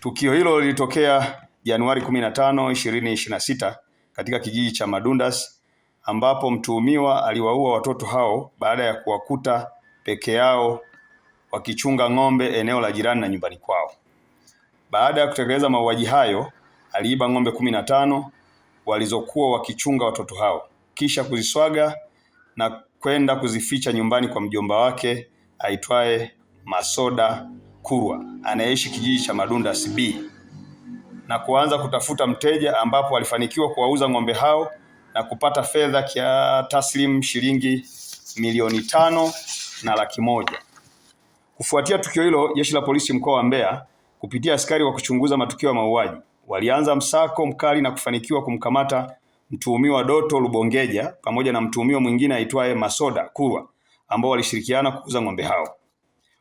Tukio hilo lilitokea Januari 15, 2026 katika kijiji cha Madundas ambapo mtuhumiwa aliwaua watoto hao baada ya kuwakuta peke yao wakichunga ng'ombe eneo la jirani na nyumbani kwao. Baada ya kutekeleza mauaji hayo, aliiba ng'ombe kumi na tano walizokuwa wakichunga watoto hao kisha kuziswaga na kwenda kuzificha nyumbani kwa mjomba wake aitwaye Masoda Kurwa anayeishi kijiji cha Madunda CB na kuanza kutafuta mteja ambapo alifanikiwa kuwauza ng'ombe hao na kupata fedha kia taslim shilingi milioni tano na laki moja. Kufuatia tukio hilo, jeshi la polisi mkoa wa Mbeya kupitia askari wa kuchunguza matukio ya mauaji walianza msako mkali na kufanikiwa kumkamata mtuhumiwa Doto Lubongeja pamoja na mtuhumiwa mwingine aitwaye Masoda Kurwa ambao walishirikiana kuuza ng'ombe hao.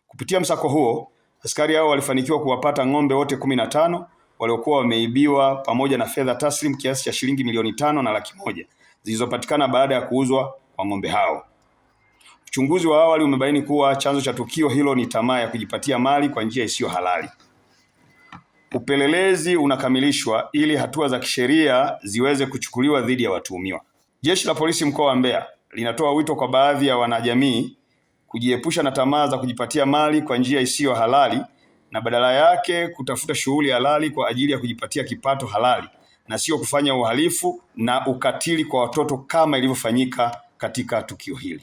Kupitia msako huo, Askari hao walifanikiwa kuwapata ng'ombe wote kumi na tano waliokuwa wameibiwa pamoja na fedha taslim kiasi cha shilingi milioni tano na laki moja zilizopatikana baada ya kuuzwa kwa ng'ombe hao. Uchunguzi wa awali umebaini kuwa chanzo cha tukio hilo ni tamaa ya kujipatia mali kwa njia isiyo halali. Upelelezi unakamilishwa ili hatua za kisheria ziweze kuchukuliwa dhidi ya watuhumiwa. Jeshi la Polisi mkoa wa Mbeya linatoa wito kwa baadhi ya wanajamii kujiepusha na tamaa za kujipatia mali kwa njia isiyo halali na badala yake kutafuta shughuli halali kwa ajili ya kujipatia kipato halali na sio kufanya uhalifu na ukatili kwa watoto kama ilivyofanyika katika tukio hili.